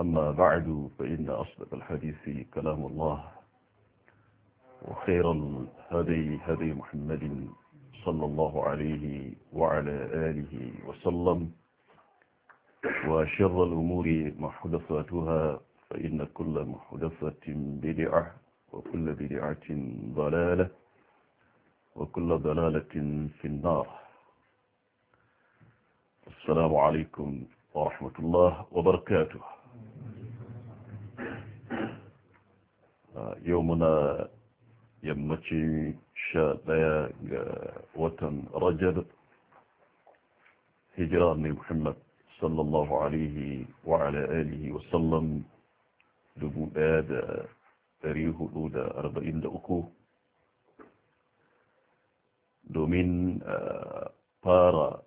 أما بعد فإن أصدق الحديث كلام الله وخير هدي هدي محمد صلى الله عليه وعلى آله وسلم وشر الأمور محدثاتها فإن كل محدثة بدعة وكل بدعة ضلالة وكل ضلالة في النار السلام عليكم ورحمة الله وبركاته يومنا يمشي شاديا وطن رجل هجران محمد صلى الله عليه وعلى آله وسلم لبو آد تاريخ الأولى أربعين دوكو دومين بارا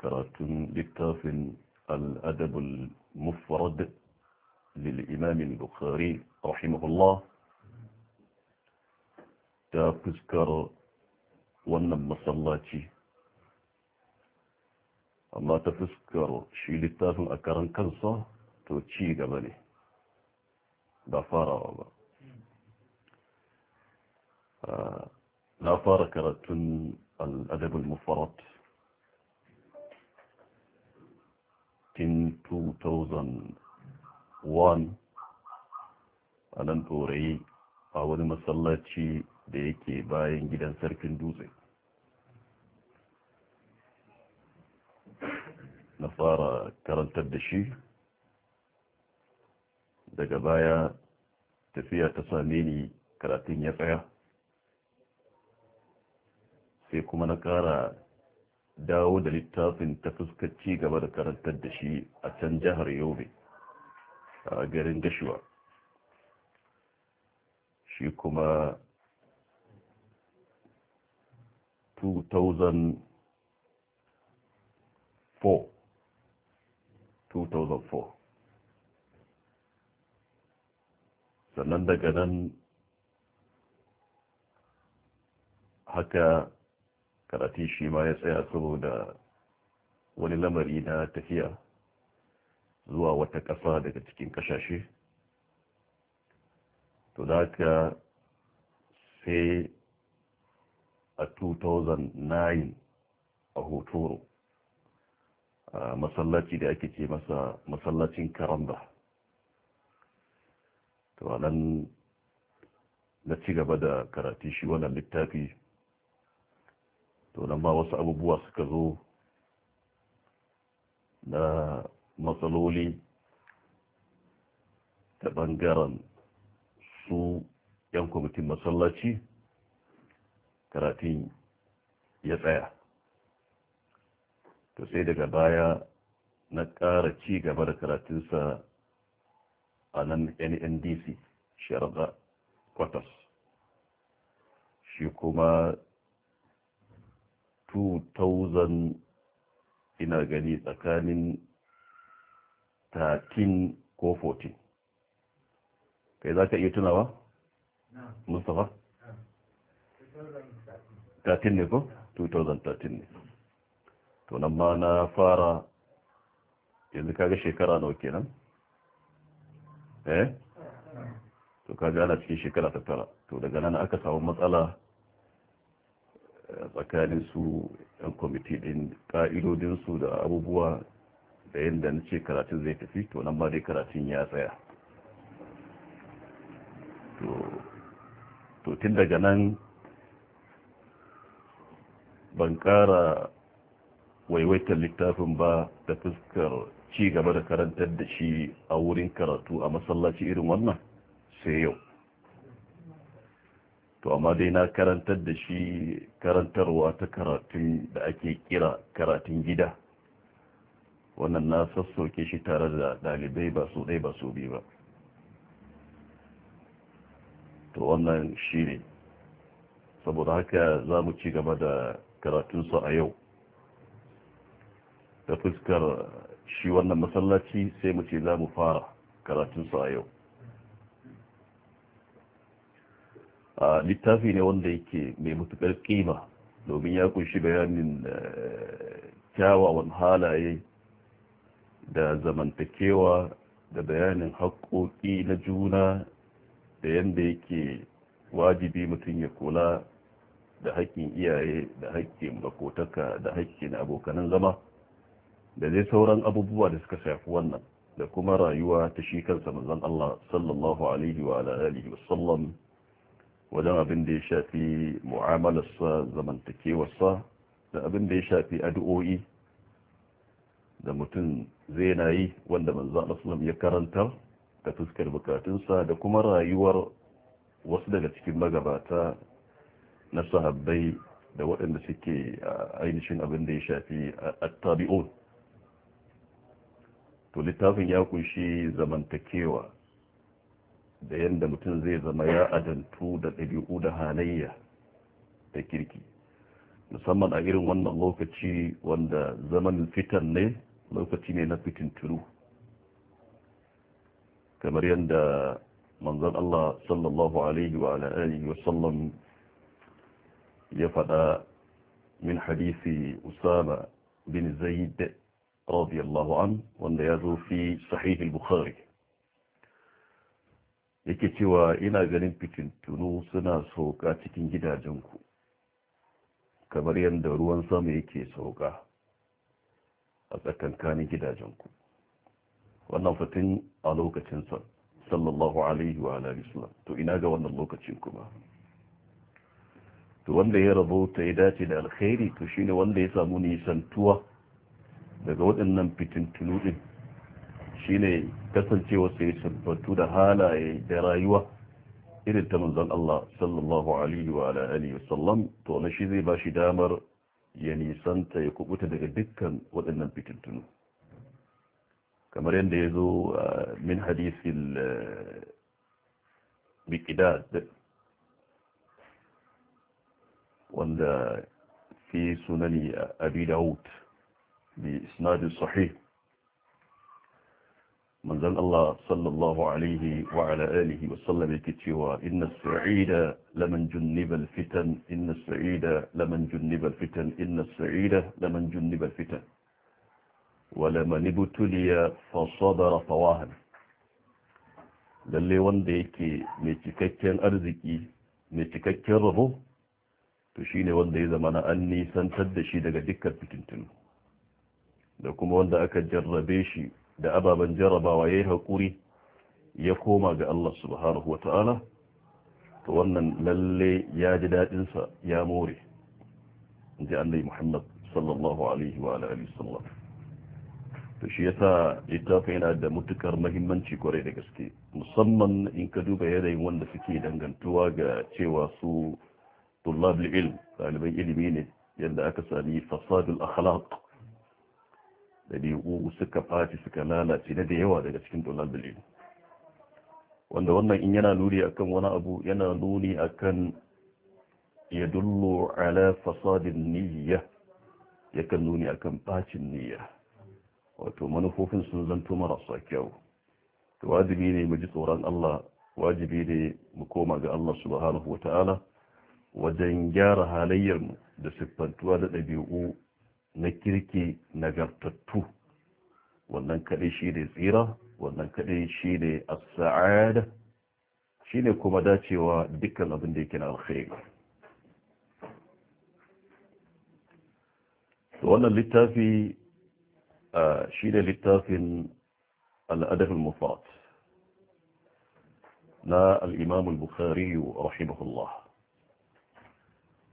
كراتن لكتاف الأدب مفرد للإمام البخاري رحمه الله تذكر ونم صلاتي أما تذكر شيل التافن أكرن كنصة توتشي قبلي دفارة وما آه، دفارة كرتن الأدب المفرد in 2001 a nan turai a wani masallaci da yake bayan gidan sarkin dutse na fara karantar da shi daga baya tafiya ta same ni karatun ya tsaya sai kuma na kara dawo da littafin ta fuskaci ci gaba da karantar da shi a can jihar yobe a garin gashuwa shi kuma 2004 sannan daga nan haka karatun shi ma ya tsaya saboda wani lamari na tafiya zuwa wata ƙasa daga cikin ƙasashe to da ka sai a 2009 a hotoro a masallaci da ake ce masa masallacin karamba to nan na ci gaba da karatu shi wannan littafi to nan ba wasu abubuwa suka zo na matsaloli ta ɓangaren su 'yan kwamitin masallaci karatun ya tsaya to sai daga baya na ƙara ci gaba da karatunsa a nan nndc sharaɗa kwatas shi kuma 2000 ina gani tsakanin 13 ko 14 kai za ka iya tunawa? mustapha? 13 ne ko? 2013 ne to nan ma na fara yanzu kaga shekara eh? na nawa nan? eh? to kaga ana cikin shekara ta tara to daga nan aka samu matsala tsakanin su yan kwamiti din ƙa'idodinsu da abubuwa da yadda na ce karatun zai tafi to nan ma dai karatun ya tsaya to tun daga nan ban ƙara waiwaitar littafin ba da fuskar ci gaba da karantar da shi a wurin karatu a masallaci irin wannan sai yau to amma dai na karantar da shi karantarwa ta karatun da ake kira karatun gida wannan na sassoke shi tare da dalibai ba su ɗai ba su bi ba to wannan shi ne saboda haka za mu ci gaba da karatunsa a yau ta fuskar shi wannan masallaci sai mu ce za mu fara karatunsa a yau littafi ne wanda yake mai matuƙar ƙima domin ya kunshi bayanin eh, kyawawan halaye da zamantakewa da bayanin haƙoƙi na juna da yadda yake wajibi mutum ya kula da haƙƙin iyaye da haƙƙin makotaka da haƙƙin abokanan zama da zai sauran abubuwa da suka shafi wannan da kuma rayuwa ta shi kansa manzon Allah sallallahu alaihi wa alihi wasallam wajen abin da ya shafi mu'amalarsa zamantakewarsa da abin da ya shafi addu'o'i da mutum zai na yi wanda manzo Allah ya karanta da fuskar bukatunsa da kuma rayuwar wasu daga cikin magabata na sahabbai da waɗanda suke ainihin abin da ya shafi attabi'un to littafin ya kunshi zamantakewa da yanda mutum zai zama ya adantu da ɗabi'u da halayya da kirki musamman a irin wannan lokaci wanda zaman fitan ne lokaci ne na fitin turu kamar yadda manzon Allah sallallahu alaihi wa alihi wa sallam ya faɗa min hadisi Usama bin Zaid radiyallahu an wanda ya zo fi sahih al-Bukhari yake cewa ina ganin fitintunu suna sauka cikin gidajenku kamar yadda ruwan sama yake sauka a tsakankanin gidajenku wannan fatin a lokacin sa sallallahu alaihi wa alaihi to ina ga wannan lokacin kuma to wanda ya ta ya dace da alkhairi to shine wanda ya samu nisantuwa daga waɗannan fitintunu ɗin shine kasancewa su yi sabbatu da halaye da rayuwa irin ta manzon Allah sallallahu alaihi wa ala alihi wasallam to na shi zai bashi damar ya nisanta ya kubuta daga dukkan waɗannan fitintunu kamar yadda ya zo min hadisil bikida wanda fi sunani abi daud bi isnadin sahih manzon Allah sallallahu alaihi wa ala alihi wa sallam yake cewa inna sa'ida laman junnibal fitan inna sa'ida laman junnibal fitan inna sa'ida laman junnibal fitan wa laman ibtuliya fa sabara tawahan lalle wanda yake mai cikakken arziki mai cikakken rabo to shine wanda ya zama na an nisantar da shi daga dukkan fitintunu da kuma wanda aka jarrabe shi da ababen jarabawa ya yi haƙuri ya koma ga Allah subhanahu wa ta'ala ta wannan lalle ya ji daɗinsa ya more ji annai muhammad sallallahu alaihi wa alaihi sallam shi ya sa littafin yana da mutukar mahimmanci kwarai da gaske musamman in ka duba yanayin wanda suke dangantuwa ga cewa su tullabul ilm ɗaliban ilimi ne yadda aka sami fasadul akhlaq ɗabi'u suka ɓaci suka lalace na da yawa daga cikin dalilin ilmi wanda wannan in yana nuni akan wani abu yana nuni akan ya dullo ala fasadin niyya yakan nuni akan bacin niyya wato manufofin sun zanto marasa kyau to wajibi ne mu ji tsoron Allah wajibi ne mu koma ga Allah subhanahu wataala wajen gyara halayyar mu da siffantuwa da ɗabi'u na kirki nagartattu wannan kaɗai shi ne tsira wannan kaɗai shi ne as-sa'ada shi ne kuma dacewa dukkan abin da yake na alkhairi wannan littafi shi ne littafin al'adar mufat na al'imam al-bukhari rahimahullah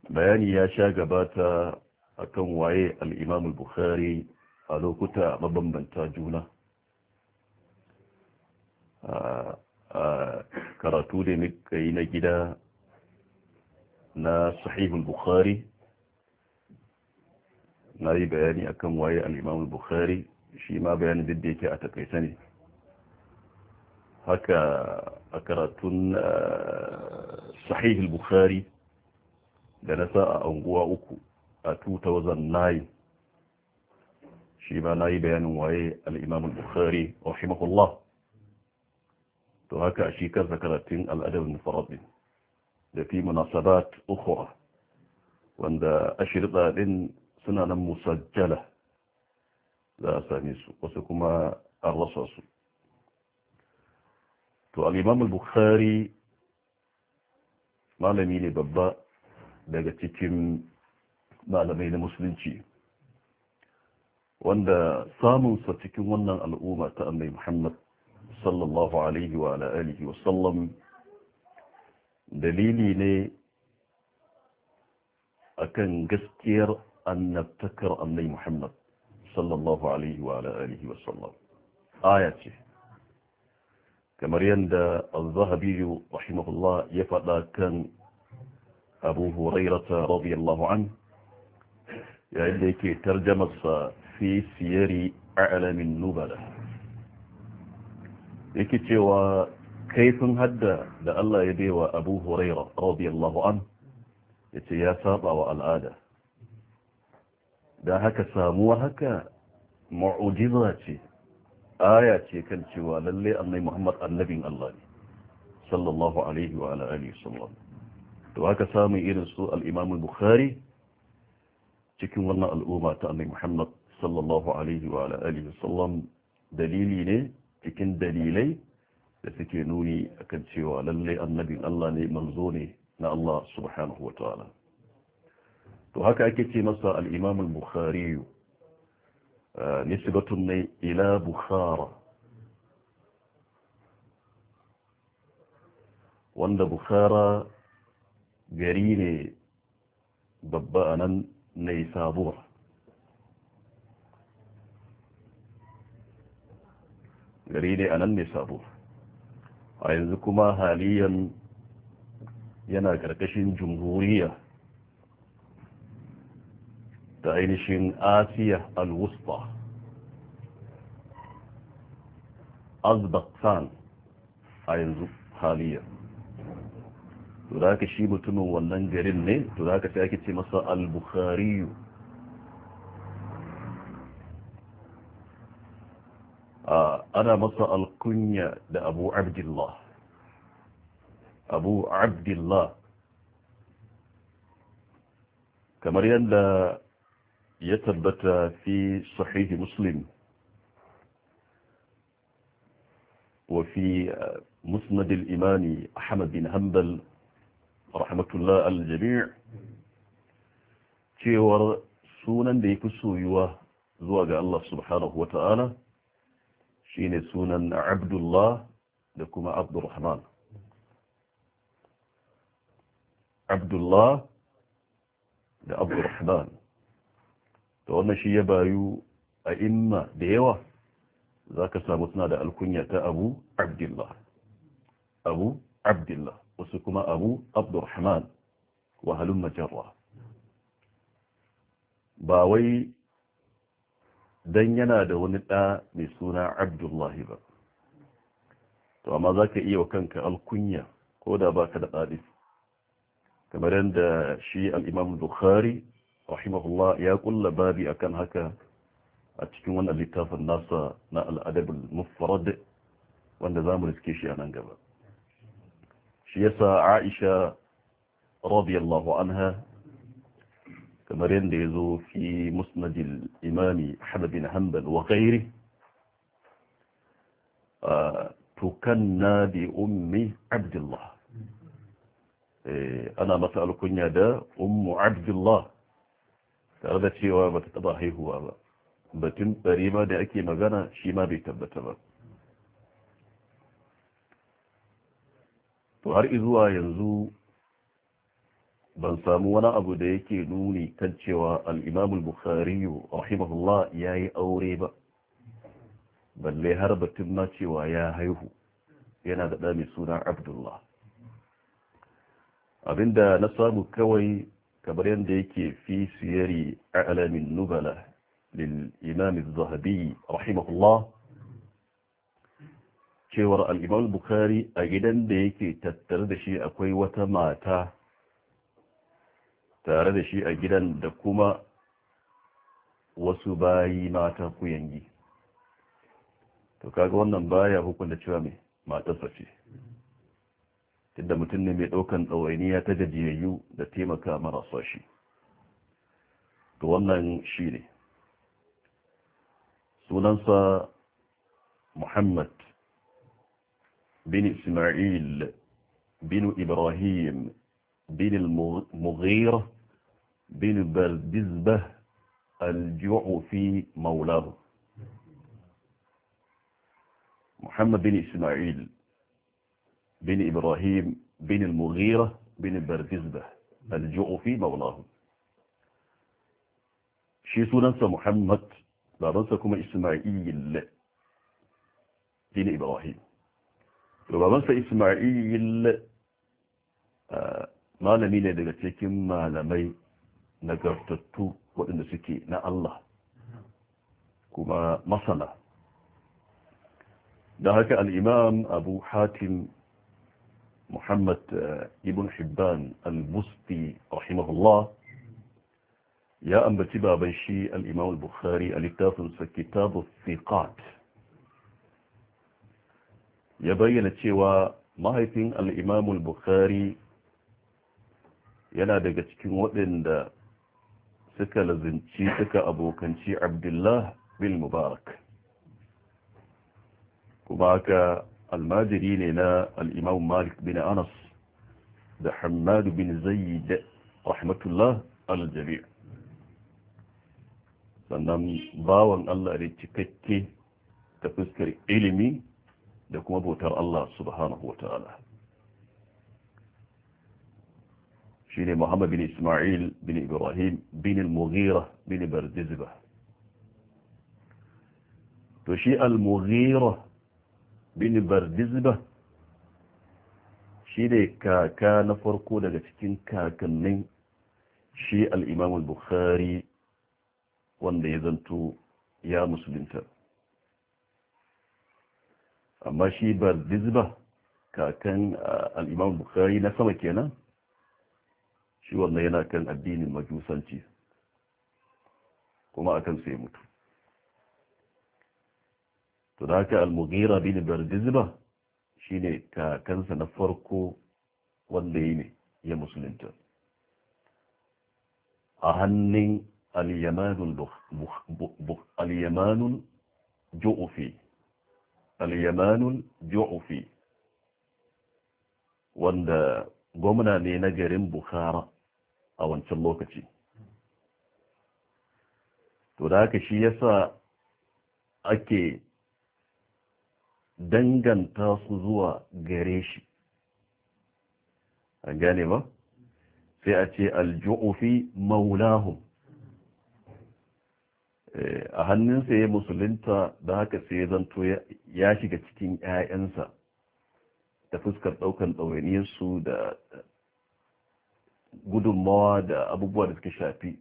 bayani ya sha gabata akan waye al'imam bukhari a lokuta mabambanta juna karatu da muka yi na gida na sahihul bukhari na yi bayani akan waye al'imam bukhari shi ma bayanin duk yake a takaita ne haka a karatun eh, sahihul bukhari da na sa a anguwa uku a 2009 shi ma na yi bayanin waye al'imamun bukhari rahimahullah to haka shi kansa karatun al'adabin faradin da fi munasabat ukhra wanda ashirda din suna nan musajjala za a same su wasu kuma an rasa su to al-imam al-bukhari malami ne babba daga cikin malamai na musulunci wanda sa cikin wannan al'umma ta annabi muhammad sallallahu alaihi wa alihi wa sallam dalili ne akan gaskiyar annabtakar annabi muhammad sallallahu alaihi wa alihi wa sallam aya ce kamar yanda al-zahabi rahimahullah ya faɗa kan abu hurairah radiyallahu anhu yayin da yake tarjamarsa fi siyari a'lamin nubala yake cewa kaifin hadda da Allah ya baiwa Abu Huraira radiyallahu an yace ya saba wa al'ada da haka samuwa haka ma'ujiza ce aya ce kan cewa lalle annabi Muhammad annabin Allah ne sallallahu alaihi wa alihi wasallam to haka samun irin su al-Imam al-Bukhari cikin wannan al'umma ta annabi Muhammad sallallahu alaihi wa alihi wasallam dalili ne cikin dalilai da suke nuni akan cewa lalle annabin Allah ne manzo ne na Allah subhanahu wa ta'ala to haka ake ce masa al-Imam al-Bukhari nisbatun ne ila Bukhara wanda Bukhara gari ne babba anan naisabur gari ne a nan sabuwa. a yanzu kuma haliyan yana ƙarƙashin jumhuriya ta ainihin asiya al-wusta azbaqsan a yanzu haliyan to da ka shi mutumin wannan garin ne to da ka sai ake ce masa al-bukhariyu ana masa alkunya da abu abdullah abu abdullah kamar yadda ya tabbata fi sahihi muslim وفي مسند الإمام أحمد بن هنبل rahmatullah aljami' cewar sunan da ya fi soyuwa zuwa ga Allah subhanahu wata'ala shine sunan abdullah da kuma abdurrahman abdullah da abdurrahman da wannan shi ya bayu a imma da yawa za ka samu suna da alkunya ta abu abdullah abu abdullah wasu kuma abu abdurrahman wahalun majarwa ba wai don yana da wani ɗa mai suna abdullahi ba to amma za ka iya wa kanka alkunya ko da ba ka da ɗalif kamar yadda shi al'imam bukhari rahimahullah ya kulla babi akan haka a cikin wannan littafin nasa na al'adabul mufarad wanda za mu riske shi a nan gaba shi yasa Aisha radiyallahu anha kamar yadda zo fi musnad al-imami Ahmad bin Hanbal wa ghairi tukanna bi ummi Abdullah eh, ana masa alkunya da ummu Abdullah tare da cewa bata taba haihuwa ba batun ma da ake magana shi ma bai tabbata ba to har izuwa yanzu ban samu wani abu da yake nuni kan cewa al'imamul bukhari rahimahullah ya yi aure ba balle har batun ma cewa ya haihu yana da ɗami suna abdullah abinda na samu kawai kamar yadda yake fi siyari a alamin nubala lil imam zahabi rahimahullah cewar al'imam bukari a gidan da yake tattare da shi akwai wata mata tare da shi a gidan da kuma wasu bayi mata kuyangi to kaga wannan baya hukunta cewa mai matarsa ce tunda mutum ne mai ɗaukan ya ta gajiyayyu da taimaka marasa shi to wannan shi ne sunansa muhammad بن إسماعيل بن إبراهيم بن المغيرة بن بردزبة الجعفي مولاه محمد بن إسماعيل بن إبراهيم بن المغيرة بن بردزبة الجعفي مولاه ننسى محمد لا ننسى كما إسماعيل بن إبراهيم babansa ismail malami ne daga cikin malamai nagartattu waɗanda suke na Allah kuma masana da haka al'imam abu hatim muhammad ibn hibban al-busti rahimahullah ya ambaci baban shi al'imam al-bukhari a littafinsa kitabu thiqat ya bayyana cewa mahaifin al'imamul bukhari yana daga cikin waɗanda suka lazinci suka abokanci abdullah bin mubarak kuma haka almajiri ne na al'imam malik bin anas da hamadu bin zayyid rahmatullah aljami sannan bawan allah ne cikakke ta fuskar ilimi da kuma bautar Allah subhanahu wa ta'ala shi ne Muhammad bin Ismail bin Ibrahim bin al-Mughira bin Bardizba to shi al-Mughira bin Bardizba shi ne kaka na farko daga cikin kakannin shi al'imam al-bukhari wanda ya zanto ya musulunta amma shi bardizba kakan al'imam bukari na sama kenan shi wannan yana kan addinin majusanci kuma akan sai mutu to da haka al-mughira bin bardizba shine kakansa na farko wanda yi ne ya musulunta a hannun al-yamanul ju'ufi al-yamanul wanda gwamna ne na garin bukhara a wancan lokaci to da haka shi yasa ake danganta su zuwa gare shi an gane ba sai a ce aljufi maulahun Eh, a hannunsa ya musulunta da haka sai ya zanto ya shiga cikin 'ya'yansa da fuskar ɗaukan ɗawainiyarsu da gudunmawa da abubuwa da suka shafi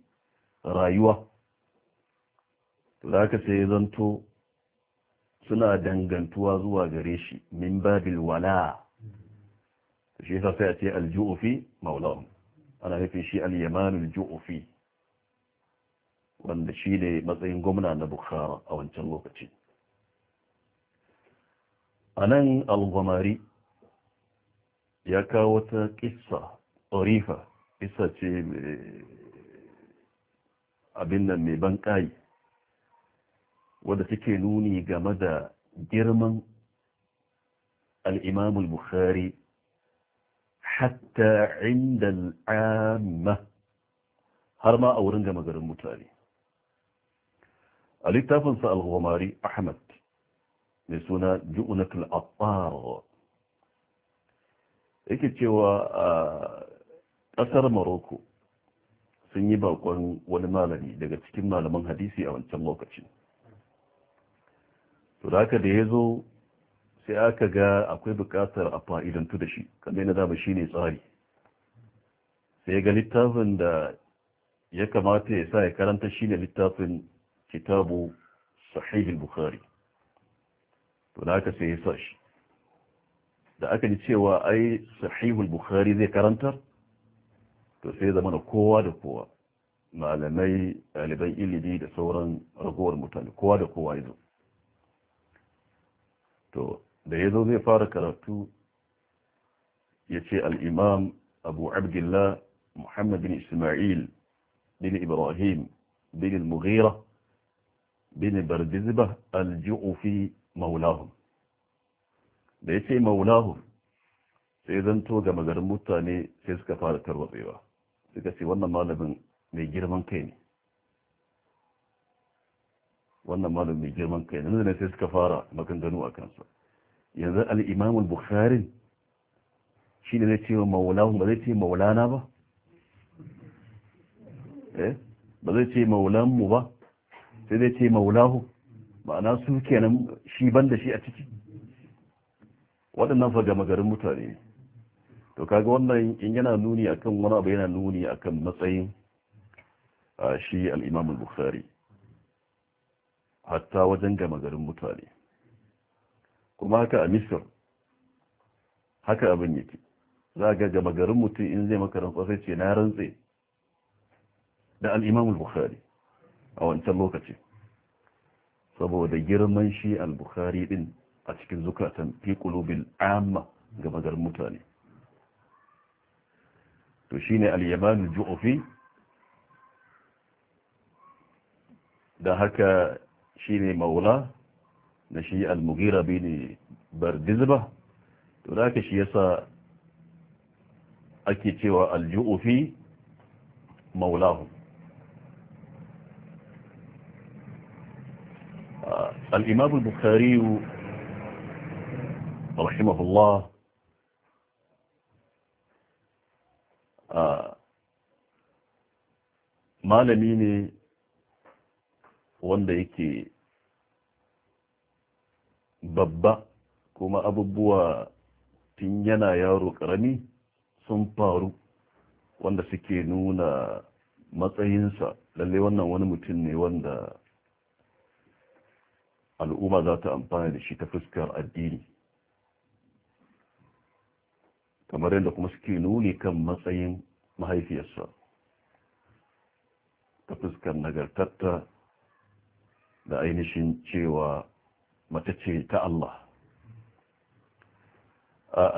rayuwa da haka sai ya zanto suna dangantuwa zuwa gare shi min babil wala shi yasa sai a ce alju'ufi maulawun ana haifin shi al-yamanul ju'ufi wanda shi ne matsayin gwamna na bukhara a wancan lokaci a nan algwamari ya kawo wata ƙisa orifa isa ce abin nan mai ban ƙayi wadda take nuni game da girman al-imamul bukhari hatta inda al'amma har ma a wurin gama garin mutane a littafinsa al ahmad mai suna ju'unatul attar yake cewa a ƙasar maroko sun yi bakon wani malami daga cikin malaman hadisi a wancan lokacin to da da ya zo sai aka ga akwai buƙatar a fa'idantu da shi kamar yana dama shi ne tsari sai ga littafin da ya kamata ya sa ya karanta shi ne littafin kitabu sahih bukhari to da aka sai ya sa shi da aka ji cewa ai sahih bukhari zai karantar to sai zama na kowa da kowa malamai ɗaliban ilimi da sauran ragowar mutane kowa da kowa ya zo to da ya zo zai fara karatu ya ce al'imam abu abdullah muhammad bin ismail bin ibrahim bin al-mughira bin barbizba fi maulahum da yace ce maulahum sai to ga magar mutane sai suka fara tarwatsewa suka ce wannan malamin mai girman kai ne wannan malamin mai girman kai ne sai suka fara maganganu a kansa yanzu al'imamul bukharin shi ne zai ce maulahun ba zai ce maulana ba eh? ba zai ce maulanmu ba sai zai ce maulahu ma'ana su kenan shi ban da shi a ciki waɗannan fa gama garin mutane to kaga wannan in yana nuni akan wani abu yana nuni akan matsayin shi al-Imam al-Bukhari hatta wajen gama garin mutane kuma haka a Misr haka abin yake za ga gama garin mutum in zai makarantar sai ce na rantse da al-Imam al-Bukhari a wancan lokaci saboda girman shi al-bukhari din a cikin zukatan fi qulubil amma ga magar mutane to shine al-yaman al-ju'fi da haka shine maula na shi al-mughira bin bardizba to haka shi yasa ake cewa al-ju'fi maulahu الإمام البخاري رحمه الله malami ne wanda yake babba kuma abubuwa tun yana yaro ƙarami sun faru wanda suke nuna matsayinsa lallai wannan wani mutum ne wanda al'umma za ta amfana da shi ta fuskar addini kamar yadda kuma suke nuni kan matsayin mahaifiyarsa ta fuskar nagartatta da ainihin cewa mace ce ta Allah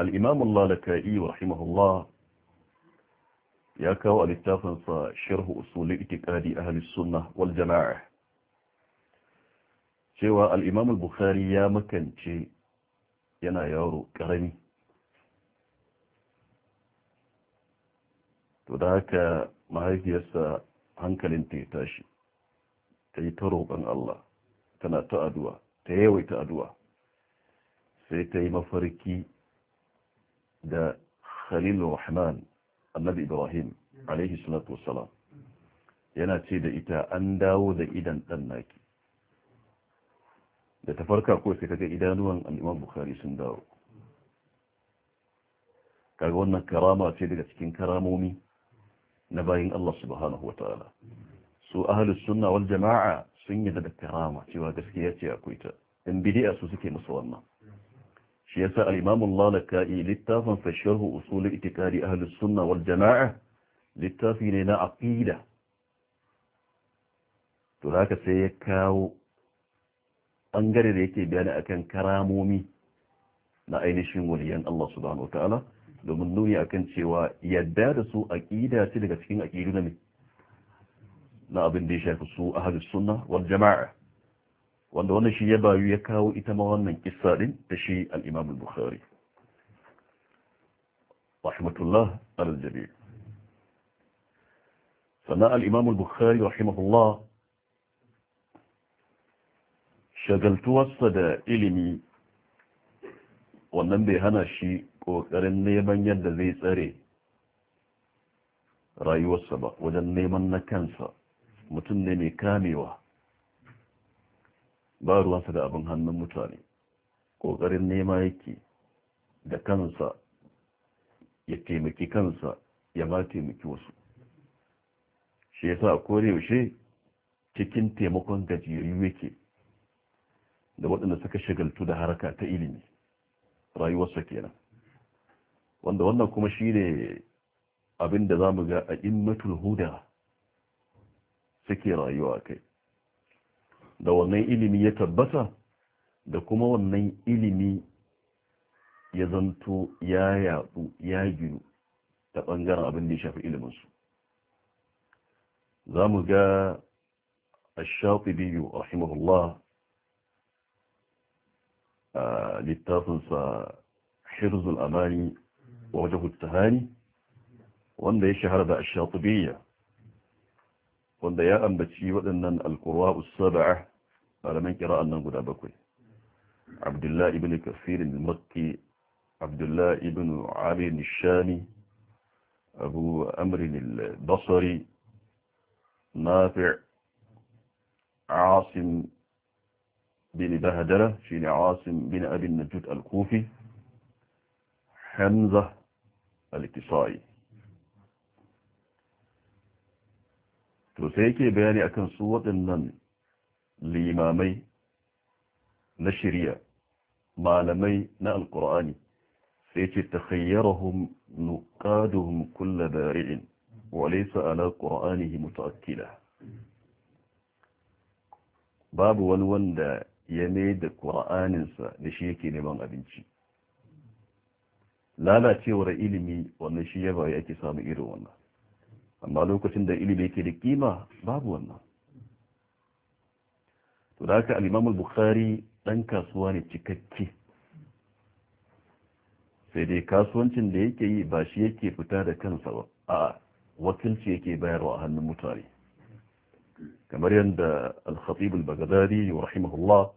al'imam Allah da ka'i wa rahimahullah ya kawo a littafinsa sharhu usulun itikadi ahalus sunna wal jama'a cewa al'imam al-bukhari ya makance yana yaro ƙarami to da haka mahaifiyarsa hankalin ta ya tashi ta yi ta roƙon Allah tana ta addu'a ta yawaita addu'a sai ta yi mafarki da khalil rahman annabi ibrahim alaihi salatu yana ce da ita an dawo da idan ɗan naki da ta farka ko sai kaga idanuwan al'imam bukhari sun dawo kaga wannan karama ce daga cikin karamomi na bayin Allah subhanahu wa ta'ala su ahli sunna wal jama'a sun yi da karama cewa gaskiya ce akwai ta in bid'a su suke musu wannan shi yasa al-imam al-lalaka'i littafin fa sharh usul itiqadi ahlus sunna wal jama'a littafi ne na aqida to haka sai ya kawo bangare da yake bayani akan karamomi na ainihin waliyan Allah subhanahu wataala domin nuni akan cewa yadda da su aqida ce daga cikin aqidu na na abin da shi su ahlus sunna wal jamaa wanda wannan shi ya bayu ya kawo ita ma wannan kissa din da shi al-Imam al-Bukhari rahmatullah al jabir sannan al-Imam al-Bukhari rahimahullah shagaltuwarsa da ilimi wannan bai hana shi ƙoƙarin neman yadda zai tsare rayuwarsa ba wajen neman na kansa mutum ne mai kamewa ba ruwansa da abin hannun mutane ƙoƙarin nema yake da kansa ya taimaki kansa ya ma taimaki wasu shi sa a kore yaushe cikin taimakon gajiyayyu yake da waɗanda suka shagaltu da haraka ta ilimi rayuwarsa kenan wanda wannan kuma shi ne abin da za mu ga a immatul huda suke rayuwa kai da wannan ilimi ya tabbata da kuma wannan ilimi ya zanto ya yaɗu ya ginu ta ɓangaren abin da ya shafi iliminsu za mu ga الشاطبي رحمه الله littafinsa hirzul amani wa wajahul tahani wanda ya shahara da ashatubiyya wanda ya ambaci waɗannan alkurwa usaba'a malaman kira'an nan guda bakwai abdullahi ibn kasir al-makki abdullahi ibn amir nishani abu amrin al-basri nafi' عاصم بن بهدلة شين عاصم بن أبي النجد الكوفي حمزة الاتصائي تسيكي بياني أكن صوة النن لإمامي نشرية ما لمي ناء القرآن سيتي تخيرهم نقادهم كل بارع وليس على قرآنه متأكلة باب ونوان ya mai da ƙura'aninsa da shi yake neman abinci lalacewar ilimi wannan shi ya bayi ake samu irin wannan amma lokacin da ilimi yake da kima babu wannan to da haka al'imamul bukhari ɗan kasuwa ne cikakke sai dai kasuwancin da yake yi ba shi yake fita da kansa ba a wakilci yake bayarwa a hannun mutane kamar yadda al-khatib al rahimahullah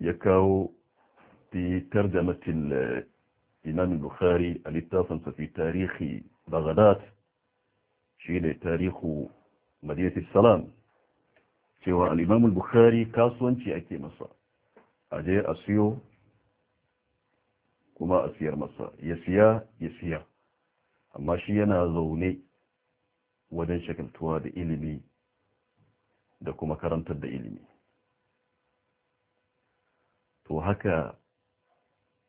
ya kawo fi tarjamatin eh, imam bukhari a littafinsa fi tarihi baghdad shi ne tarihu madinatul salam cewa al'imam bukhari kasuwanci ake masa a je a siyo kuma a siyar masa ya siya ya siya amma shi yana zaune wajen shakaltuwa da ilimi da kuma karantar da ilimi وهكا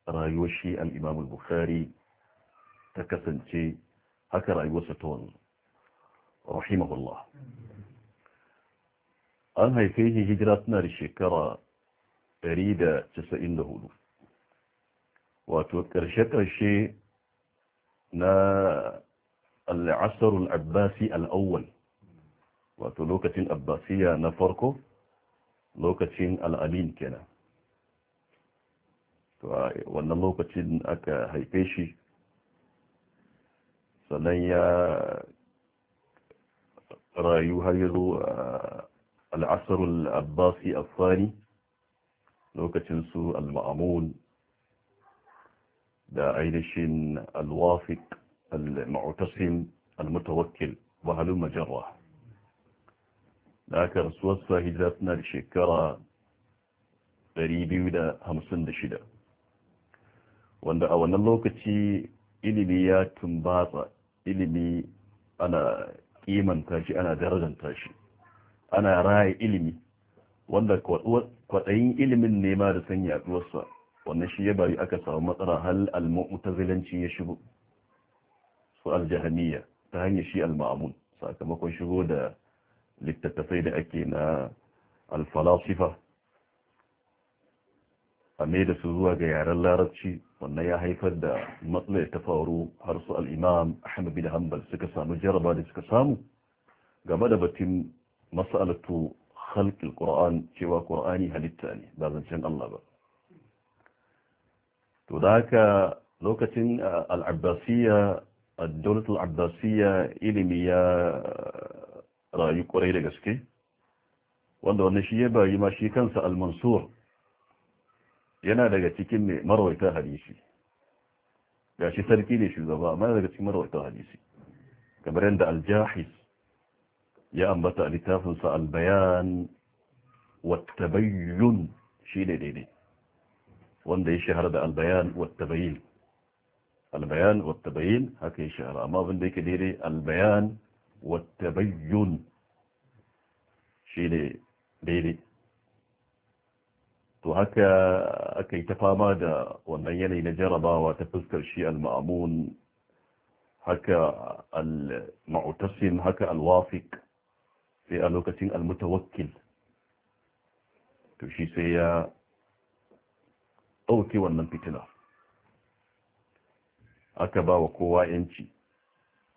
رايوشي الإمام البخاري تكسن شي هكا رايوشتون رحمه الله أنا فيه هجراتنا لشكرا أريد تسئن له وتوكر شكرا الشيء نا العصر العباسي الأول وتلوكة أباسية نفركو لوكة الأمين كنا wannan lokacin aka haife shi sannan ya rayu har ya zo a al'asarul abbasi asani lokacin su al-ma'amun da ainihin al-wafiq al-ma'utasim al-mutawakkil wahalun majarra da aka rasuwarsa hijira suna da shekara 256 wanda a wannan lokaci ilimi ya tumbatsa ilimi ana kimanta shi ana darajanta shi ana raya ilimi wanda kwaɗayin ilimin ne da san yaduwarsa wannan shi ya bari aka samu matsala hal al ya shigo su aljahaniya, ta hanyar shi almamun sakamakon shigo da littattafai da ake na alfalasifa a mai da su zuwa ga yaren larabci wannan ya haifar da matsalar ta faru har su al'imam ahmad bin hanbal suka samu jaraba da suka samu game da batun masalatu halkil ƙura'an cewa ƙura'ani halitta ne ba zancen Allah ba to da haka lokacin al'abbasiyya addolatul abbasiyya ilimi ya rayu ƙwarai da gaske wanda wannan shi ya bayi ma shi kansa al-mansur yana daga cikin mai marwaita hadisi ga shi sarki ne shugaba amma daga cikin marwaita hadisi kamar yadda aljahis ya ambata a littafinsa albayan wattabayyun shi ne daidai wanda ya shahar da albayan wattabayin albayan wattabayin haka ya shahara amma abinda yake daidai albayan wattabayyun shi ne daidai to haka aka yi ta fama da wannan yanayi na jarabawa ta fuskar shi al-ma'amun haka al-ma'utasim haka al-wafiq sai a lokacin al-mutawakkil to shi sai ya ɗauke wannan fitina aka ba wa kowa yanci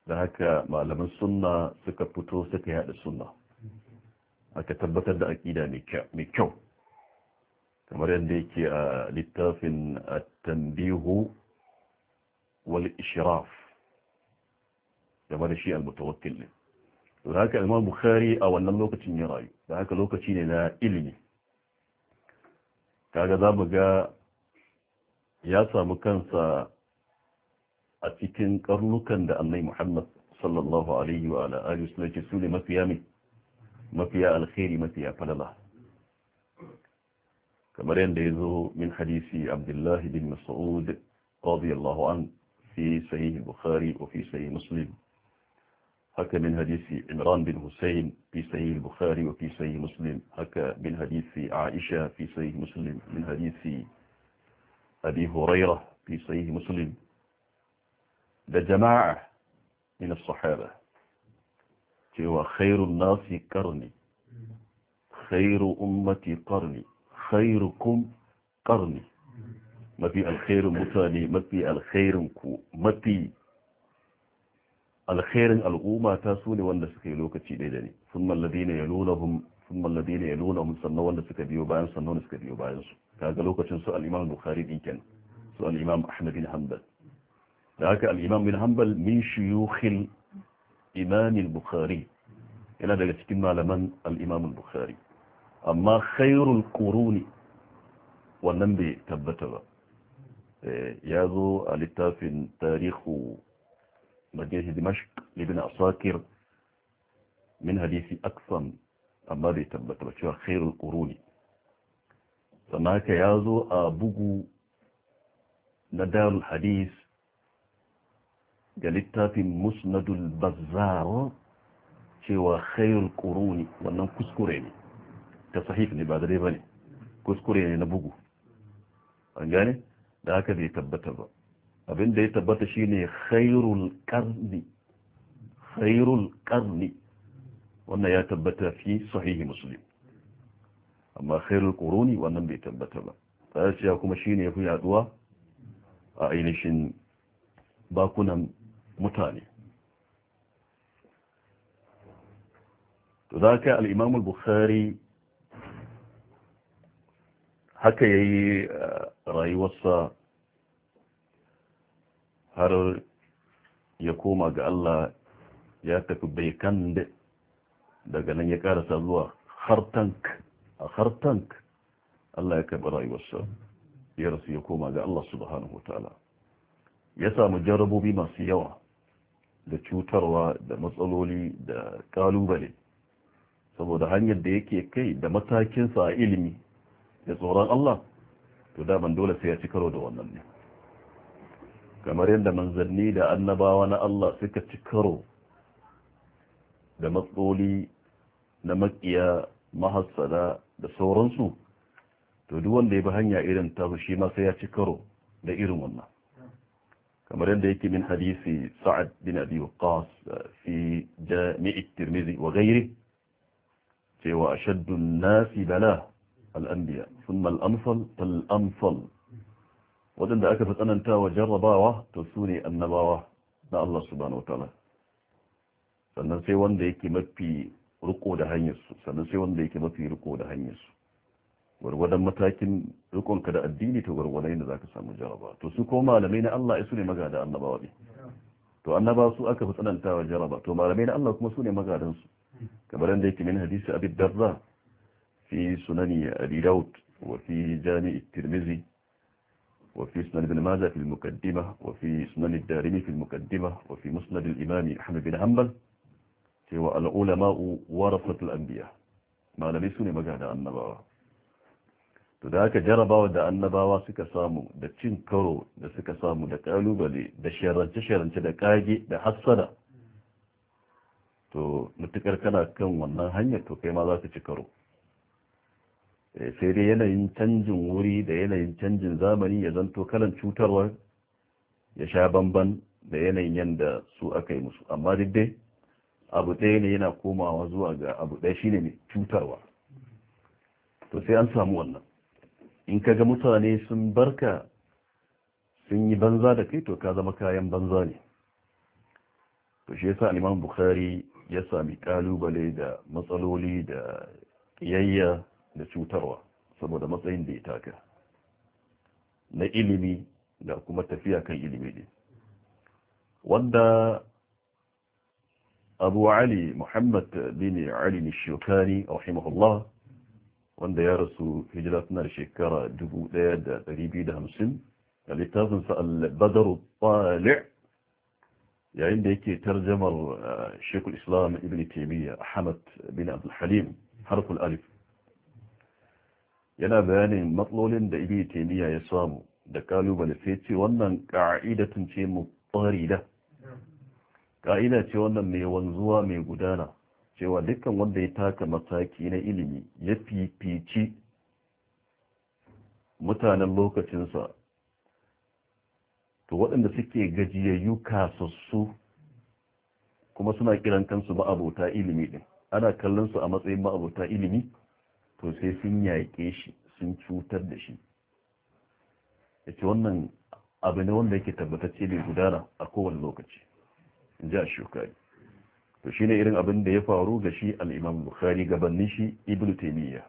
da haka malaman sunna suka fito suka yada sunna aka tabbatar da aƙida mai kyau kamar yadda yake a littafin tambihu wal ishraf game da shi al-mutawakkil ne don haka Imam Bukhari a wannan lokacin ya rayu da haka lokaci ne na ilimi kaga za mu ga ya samu kansa a cikin karnukan da annai Muhammad sallallahu alaihi wa alihi wasallam ke su ne mafiya mai mafiya alkhairi mafiya falala كما ينديزه من حديث عبد الله بن مسعود رضي الله عنه في صحيح البخاري وفي صحيح مسلم هكا من حديث عمران بن حسين في صحيح البخاري وفي صحيح مسلم هكا من حديث عائشة في صحيح مسلم من حديث أبي هريرة في صحيح مسلم لجماعة من الصحابة هو خير الناس قرني خير أمتي قرني khairukum qarni mafi alkhairin mutane mafi alkhairin ku mafi alkhairin al'umma ta su ne wanda suka yi lokaci ɗaya da ni sun mallabi ne ya nuna hun sun mallabi ne ya nuna hun sannan wanda suka biyo bayan sannan wanda suka biyo bayan su kaga lokacin su al'imam bukhari din kenan su al'imam ahmad bin hanbal da haka al'imam bin hanbal min shuyukhil imam bukhari yana daga cikin malaman al'imam bukhari amma khairul quruni wannan bai tabbata ba ya zo a littafin tarihu madinah dimashq ibn asakir min hadisi aksam amma bai tabbata ba cewa khairul quruni sannan haka ya zo a bugu na darul hadis ga littafin musnadul bazzar cewa khairul quruni wannan kuskure ne ta sahih ne ba dare bane kuskure ne na bugu an gane da haka bai tabbata ba abin da ya tabbata shine khairul qarni khairul qarni wannan ya tabbata fi sahih muslim amma khairul quruni wannan bai tabbata ba tsarciya kuma shine yafi yaduwa a ainihin bakunan mutane ذاك الإمام البخاري haka ya yi eh, rayuwarsa har ya koma ga Allah ya tafi bai baikan daga nan ya karasa zuwa hartank a hartank Allah ya karɓi rayuwarsa ya rasu ya koma ga Allah subhanahu ta'ala ya samu jarabobi masu yawa da cutarwa da matsaloli da kalubale saboda hanyar da yake kai da matakinsa a ilimi da tsoron Allah to daban dole sai ya ci karo da wannan ne kamar yadda manzanni da annabawa na Allah suka ci karo da matsoli na makiya mahassada da sauransu to duk wanda ya bi hanya irin ta shi ma sai ya ci karo da irin wannan kamar yadda yake min hadisi sa'ad bin abi waqqas eh, fi jami' at-tirmidhi wa ghayrihi cewa ashaddu an-nasi bala al-anbiya ثم الأنفل الأمصل ودن دا أكفت أن أنت وجر باوة تسوني أن باوة نا الله سبحانه وتعالى سننسيوان ديك مكبي رقو دا هينيس سننسيوان ديك مكبي رقو دا هنيس ورودا متاكين رقو كدا الديني تغر ولين ذاك سامو جر تسوكو ما لمين الله إسوني مقادة أن باوة تو أن باوة سو أكفت أن أنت وجر تو ما لمين الله كما سوني مقادة كبران ديك من حديث أبي الدرزا في سنن أبي داود وفي جامع الترمذي وفي سنن ابن ماجه في المقدمة وفي سنن الدارمي في المقدمة وفي مسند الإمام أحمد بن حنبل سوى العلماء ورثة الأنبياء ما لم يسوني مجانا النبوة to da aka jarabawa da annabawa suka samu da cin karo da suka samu da kalubale da sharance-sharance da kage da hassana to mutukar kana kan wannan hanyar to kai ma za ci karo Eh, sai dai yanayin canjin wuri da yanayin canjin zamani ya zanto kalan cutarwa ya sha bamban da yanayin yadda su aka yi musu amma duk dai abu ɗaya ne yana komawa zuwa ga abu ɗaya shine cutarwa to sai an samu wannan in ka ga mutane sun barka sun yi banza da kai to ka zama kayan banza ne to shi yasa imam bukhari ya sami kalubale da matsaloli da ƙiyayya da cutarwa saboda matsayin da ya taka na ilimi da kuma tafiya kan ilimi ne wanda abu ali muhammad bin ali nishokani a rahimahullah wanda ya rasu hijira tana shekara 1250 da littafinsa al-badar tali yayin da yake tarjamar shekul islam ibn taimiyya ahmad bin abdul halim harful alif yana bayanin matsalolin da ibi taimiyya ya samu da kalubale sai ce wannan ka'idatun ce mu mutarida ka'ida ce wannan mai wanzuwa mai gudana cewa dukkan wanda ya taka mataki na ilimi ya fifici mutanen lokacinsa to waɗanda suke gajiyayyu kasassu kuma suna kiran kansu ma'abota ilimi ɗin ana kallonsu a matsayin ma'abota ilimi to sai sun yaƙe shi sun cutar da shi ya ce wannan abu ne wanda yake ce mai gudana a kowane lokaci in ji a shukari to shi ne irin abin da ya faru da shi al'imam bukhari gabanin shi ibn taimiyya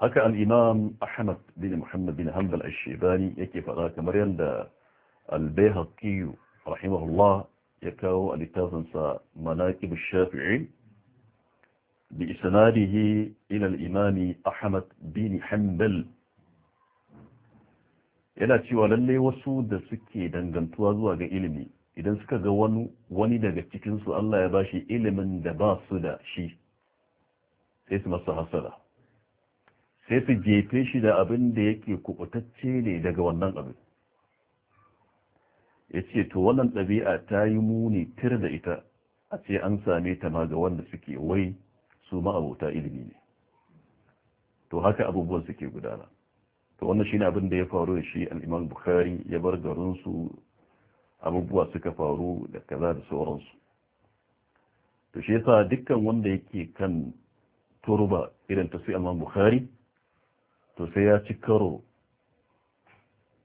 haka al'imam ahmad bin muhammad bin hanbal ashebani yake faɗa kamar yadda albai rahimahullah ya kawo a littafinsa manaƙib shafi'i بإسناده إلى الإمام أحمد بن حنبل yana cewa lallai wasu da suke dangantuwa zuwa ga ilimi idan suka ga wani wani daga cikinsu Allah ya bashi ilimin da ba su da shi sai su masa hasara sai su jefe shi da abin da yake kubutacce ne daga wannan abin ya ce to wannan ɗabi'a ta yi muni tir da ita a ce an same ta ma ga wanda suke wai su ma'abota ilimi ne to haka abubuwan suke gudana to wannan shine abin da ya faru da shi al-Imam Bukhari ya bar garin su abubuwa suka faru da kaza da sauransu to shi yasa dukkan wanda yake kan turba irin ta su Imam Bukhari to sai ya ci karo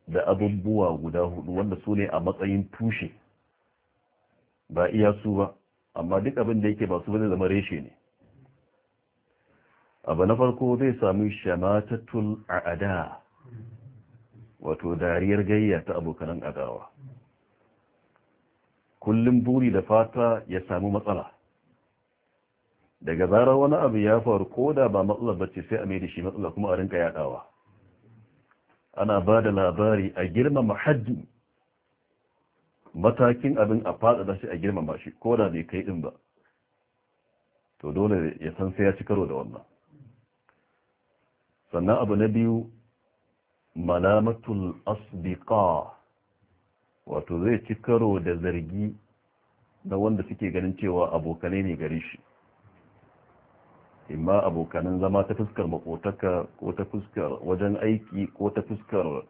da abubuwa guda hudu wanda su ne a matsayin tushe ba iya su ba amma duk abin da yake ba su bane zama reshe ne abu na farko zai sami shamatattun a'ada wato dariyar gayya ta abokanan adawa kullum buri da fata ya samu matsala daga zarar wani abu ya faru ko da ba matsala bacci sai a mai da shi matsala kuma a rinka yadawa ana ba da labari a girmama hajji matakin abin a da shi a girmama shi ko da bai kai ɗin ba to dole ya san sai ya ci karo da wannan sannan abu na biyu malamatul asbika, wato zai ci karo da zargi na wanda suke ganin cewa abokanai ne gare shi imma abokanan zama ta fuskar makotaka ko ta fuskar wajen aiki ko ta fuskar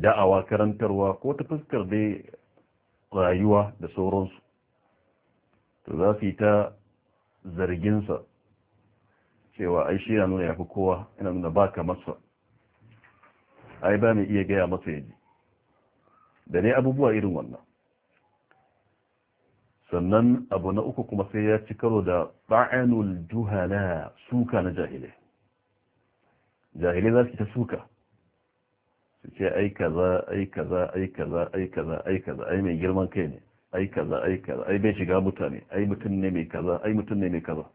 da'awa karantarwa ko ta fuskar dai rayuwa da sauransu to za su yi ta zarginsa cewa ai shi yana nuna yafi kowa ina nuna ba ka masa ai ba mai iya gaya masa yaji da ne abubuwa irin wannan sannan abu na uku kuma sai ya ci karo da ba'anul juhala suka na jahilai jahilai za su ta suka su ce ai kaza ai kaza ai kaza ai kaza ai kaza ai mai girman kai ne ai kaza ai kaza ai bai shiga mutane ai mutum ne mai kaza ai mutum ne mai kaza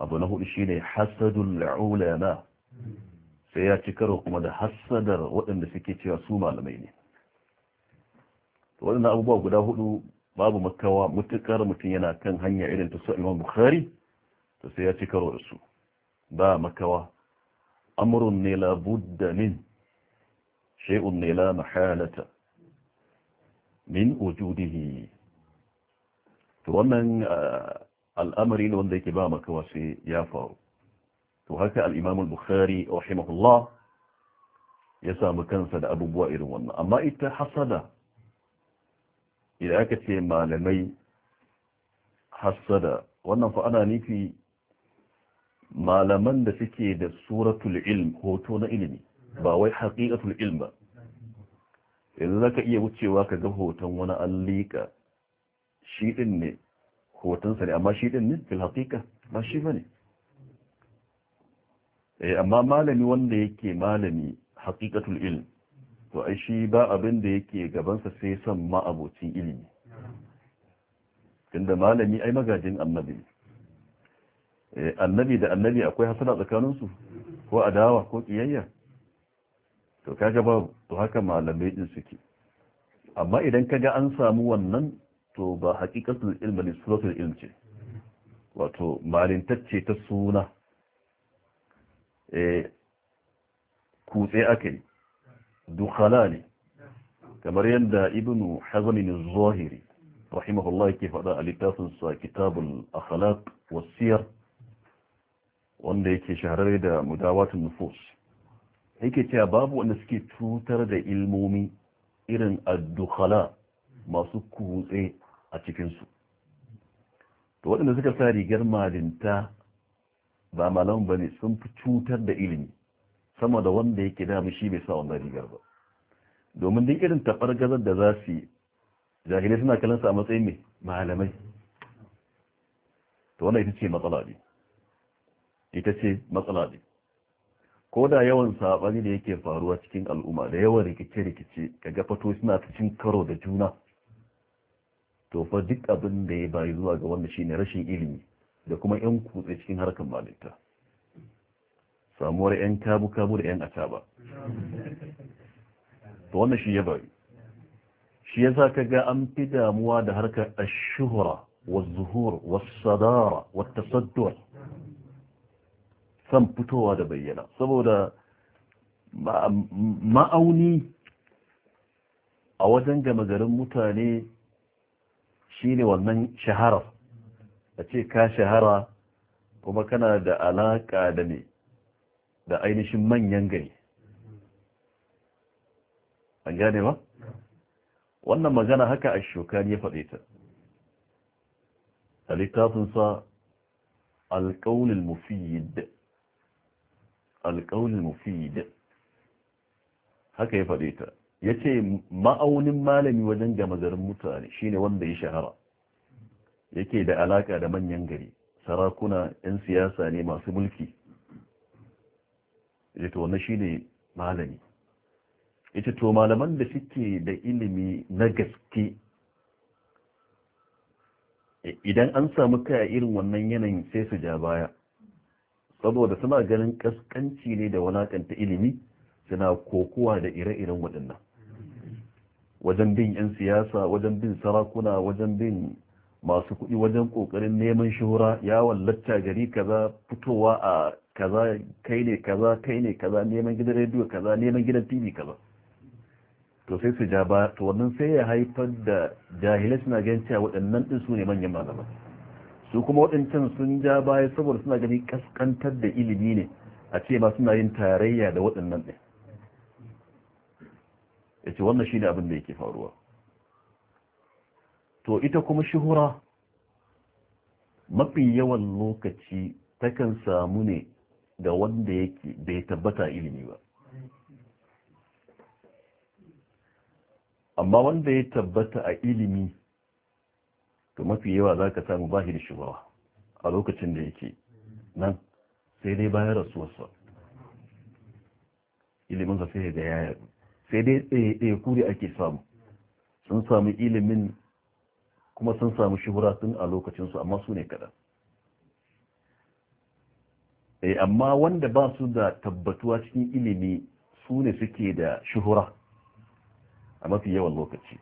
abu na hudu shine hasadul ulama sai ya ci karo kuma da hasadar waɗanda suke cewa su malamai ne waɗannan abubuwa guda hudu babu makawa mutukar mutum yana kan hanya irin ta su imam bukhari to sai ya ci karo da su ba makawa amrun ne la budda min shay'un ne la mahalata min wujudihi to wannan ah, al'amari ne wanda yake ba makawa sai ya faru to haka al'imamul bukhari rahimahullah ya samu kansa da abubuwa irin wannan amma ita hasada idan aka ce malamai hasada wannan fa ana nufi malaman da suke da suratul ilm hoto na ilimi ba wai haƙiƙatul ilm ba yanzu za ka iya wucewa ka ga hoton wani allika shi ɗin ne hotonsa ne amma shi din ne fil haqiqa ba shi bane eh amma malami wanda yake malami haqiqatul ilm to ai shi ba abin da yake gabansa sai son ma'abocin ilimi tunda malami ai magajin annabi annabi da annabi akwai hasada tsakaninsu ko adawa ko kiyayya to kaga babu to haka malamai din suke amma idan kaga an samu wannan wato ba haƙiƙatul ilmi ne suratul ilmi ce wato malintacce ta suna eh, kutse aka dukhala ne kamar yadda ibnu hazamin zahiri rahimahullah ke faɗa a littafinsa kitabun akhlaq wasiyar wanda yake shahararre da mudawata nufus yake cewa babu wanda suke cutar da ilmomi irin addukhala masu kutse a cikinsu to waɗanda suka sa rigar malinta ba malam ba ne sun fi cutar da ilimi sama da wanda yake damu shi bai sa wannan rigar ba domin duk irin tafar gazar da za su yi jahilai suna kalansa a matsayin mai malamai to wannan ita ce matsala ne ita ce matsala ne ko da yawan saɓani da yake faruwa cikin al'umma da yawan rikice-rikice ga fato suna ta cin karo da juna to duk abin da ya bayi zuwa ga wanda shine rashin ilimi da kuma yan kutse cikin harkar malinta samuwar yan kabu kabu da yan ataba to wannan shi ya bayi shi yasa kaga an fi damuwa da harkar Ashuhura, shuhra Wasadara, والصدارة والتصدر san fitowa da bayyana saboda ma'auni a wajen gama garin mutane shine wannan shaharar a ce ka shahara kuma kana da alaƙa da ne da ainihin manyan gari an gane ba wannan magana haka a shokani ya faɗe ta a littafinsa alƙaunin mufid alƙaunin mufid haka ya faɗe ta ya ce ma'aunin malami wajen gama garin mutane shine wanda ya shahara yake da alaka da manyan gari sarakuna 'yan siyasa ne masu mulki ya to wannan shine malami ita to malaman da suke da ilimi na gaske idan an samu kaya irin wannan yanayin sai su ja baya saboda suna ganin kaskanci ne da walakanta ilimi suna kokowa da ire-iren waɗannan wajen bin 'yan siyasa wajen bin sarakuna wajen bin masu kuɗi wajen ƙoƙarin neman shura yawon wallata gari kaza fitowa a kaza kai ne kaza kai ne kaza neman gidan rediyo kaza neman gidan tv kaza to sai su ja ba to wannan sai ya haifar da jahilai suna ganin cewa waɗannan ɗin su ne manyan malaman su kuma waɗancan sun ja baya saboda suna gani kaskantar da ilimi ne a ce ma suna yin tarayya da waɗannan ɗin ya ce wannan shine abin da yake faruwa to ita kuma shuhura mafi yawan lokaci takan samu ne da wanda yake bai tabbata ilimi ba amma wanda ya tabbata a ilimi to mafi yawa za ka samu bashi da shuhura a lokacin da yake nan sai dai bayan rasuwarsa ilimin sa sai da ya yadu sai dai tsaye tsaye da ake samu sun samu ilimin kuma sun samu shuhura tun a lokacinsu amma su ne kaɗan eh, amma wanda ba su da tabbatuwa cikin ilimi su ne suke da shuhura a mafi yawan lokaci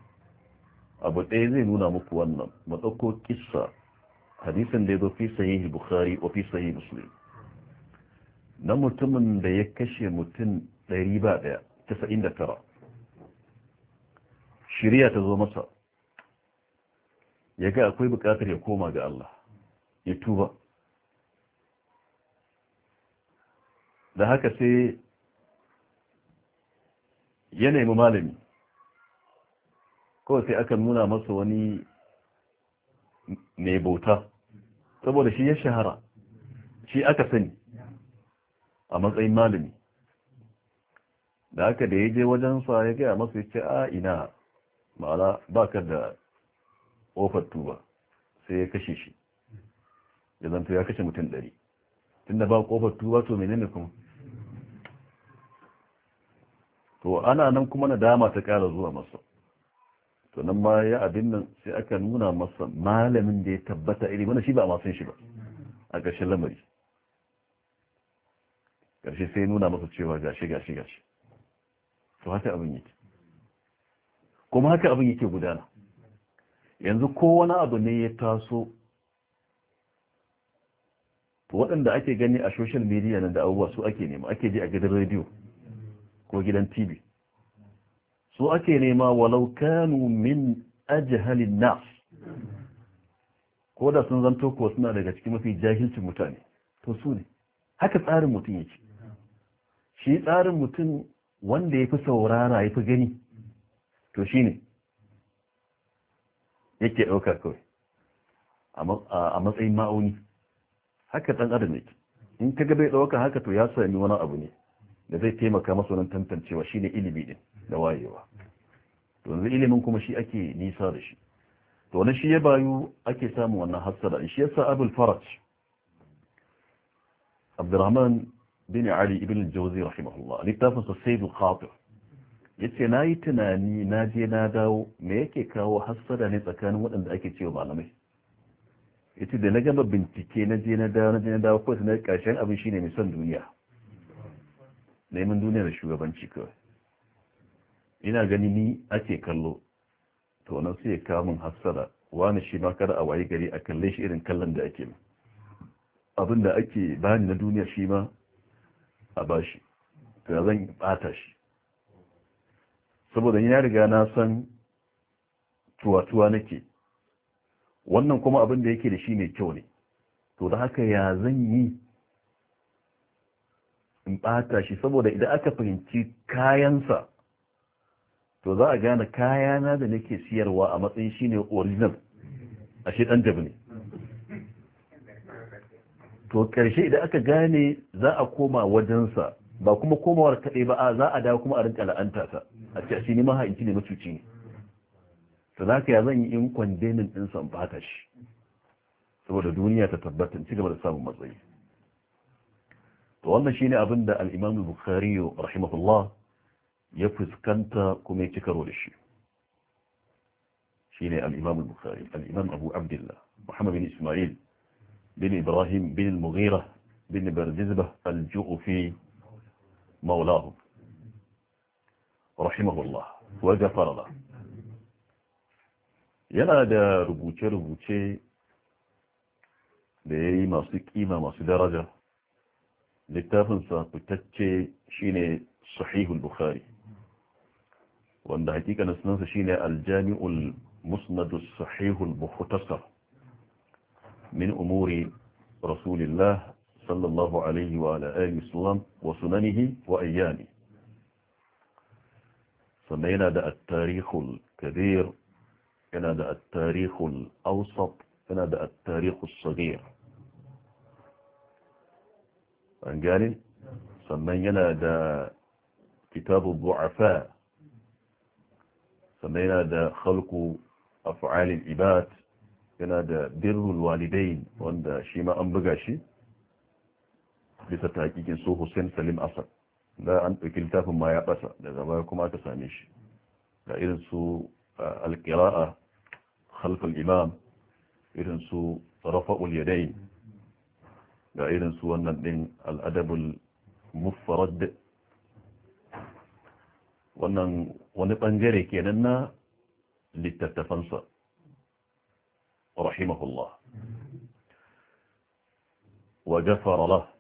abu ɗaya zai nuna muku wannan matsakko kissa hadisin da ya zo fi sahihi bukhari wa fi sahihi muslim na mutumin da ya kashe mutum ɗari ba ɗaya tara, shirya ta zo masa ya ga akwai bukatar ya koma ga Allah ya tuba da haka sai ya nemi malami kawai sai aka nuna masa wani mai bauta saboda shi ya shahara shi aka sani a matsayin malami da haka da ya je wajensa ya gaya masa ya ce a ina ma'ala ba ka da ofar tuba sai ya kashe shi ya zanto ya kashe mutum ɗari da ba ofar tuba to menene kuma to ana nan kuma na dama ta ƙara zuwa masa to nan ma ya abin nan sai aka nuna masa malamin da ya tabbata iri wanda shi ba a masun shi ba a ƙarshen lamari ƙarshe sai nuna masa cewa gashi gashi gashi to haka abin yake kuma haka abin yake gudana yanzu ko wani abu ne ya taso to waɗanda ake gani a social media nan da abubuwa su ake nema ake ji a gidan rediyo ko gidan tv su ake nema walau kanu min ajhalin nas ko da sun zanto ko suna daga cikin mafi jahilcin mutane to su ne haka tsarin mutum yake shi tsarin mutum wanda ya fi saurara ya fi gani to shi ne yake ɗaukar kawai a matsayin ma'auni haka ɗan adam yake in ka bai ɗauka haka to ya sami wani abu ne da zai taimaka masu wani tantancewa shi ne ilimi ɗin da wayewa to yanzu ilimin kuma shi ake nisa da shi to wani shi ya bayu ake samun wannan hassada shi yasa abul faraj abdurrahman bin ali ibn jauzi rahimahullah littafin sa sai khatib yace yi tunani na je na dawo me yake kawo hasada ne tsakanin waɗanda ake cewa malamai yace da na gama bincike na je na dawo na je na dawo ko na karshen abin shine mai son duniya neman duniya da shugabanci kawai ina gani ni ake kallo to nan sai kamun hasada wani shi ma kada a waye gari a kalle shi irin kallon da ake abin Abinda ake bani na duniya shi ma a bashi to zan bata shi saboda ya riga na san tuwatuwa nake wannan kuma abin da yake da shi ne kyau ne to da haka ya zan yi in bata shi saboda idan aka fahimci kayansa to za a gane kayana da nake siyarwa a matsayin shi ne original ashe dan jabi ne to karshe idan aka gane za a koma wajensa ba kuma komawar kaɗai ba a za a dawo kuma a rinka la'anta sa a ce shi ne mahaici ne macuci ne to za ka ya zan yi in kwandenin ɗin san baka shi saboda duniya ta tabbatar ci gaba da samun matsayi to wannan shine abin da al-Imam Bukhari rahimahullah ya fuskanta kuma ya ci karo da shi shine al-Imam Bukhari al-Imam Abu Abdullah Muhammad bin Ismail بن إبراهيم بن المغيرة بن بردزبة الجؤفي مولاهم رحمه الله وغفر له yana da rubuce-rubuce da ya yi masu kima masu daraja littafinsa fitacce shine sahihul bukhari wanda hakikanin sunansa shine aljami'ul musnadus sahihul bukhtasar من أمور رسول الله صلى الله عليه وعلى آله وسلم وسننه وأيامه سمينا ده التاريخ الكبير هنا التاريخ الأوسط هنا التاريخ الصغير فانجالي سمينا ده كتاب الضعفاء سمينا ده خلق أفعال العباد yana da birrul walidain wanda shi ma an buga shi bisa ta so Hussein Salim Asad da an ɗauki littafin ma ya ɓasa daga baya kuma aka same shi da irin su alƙira'a khalfal imam irin su rafa'ul yadain da irin su wannan ɗin al'adabul mufarad wannan wani ɓangare kenan na littattafansa رحمه الله وجفر له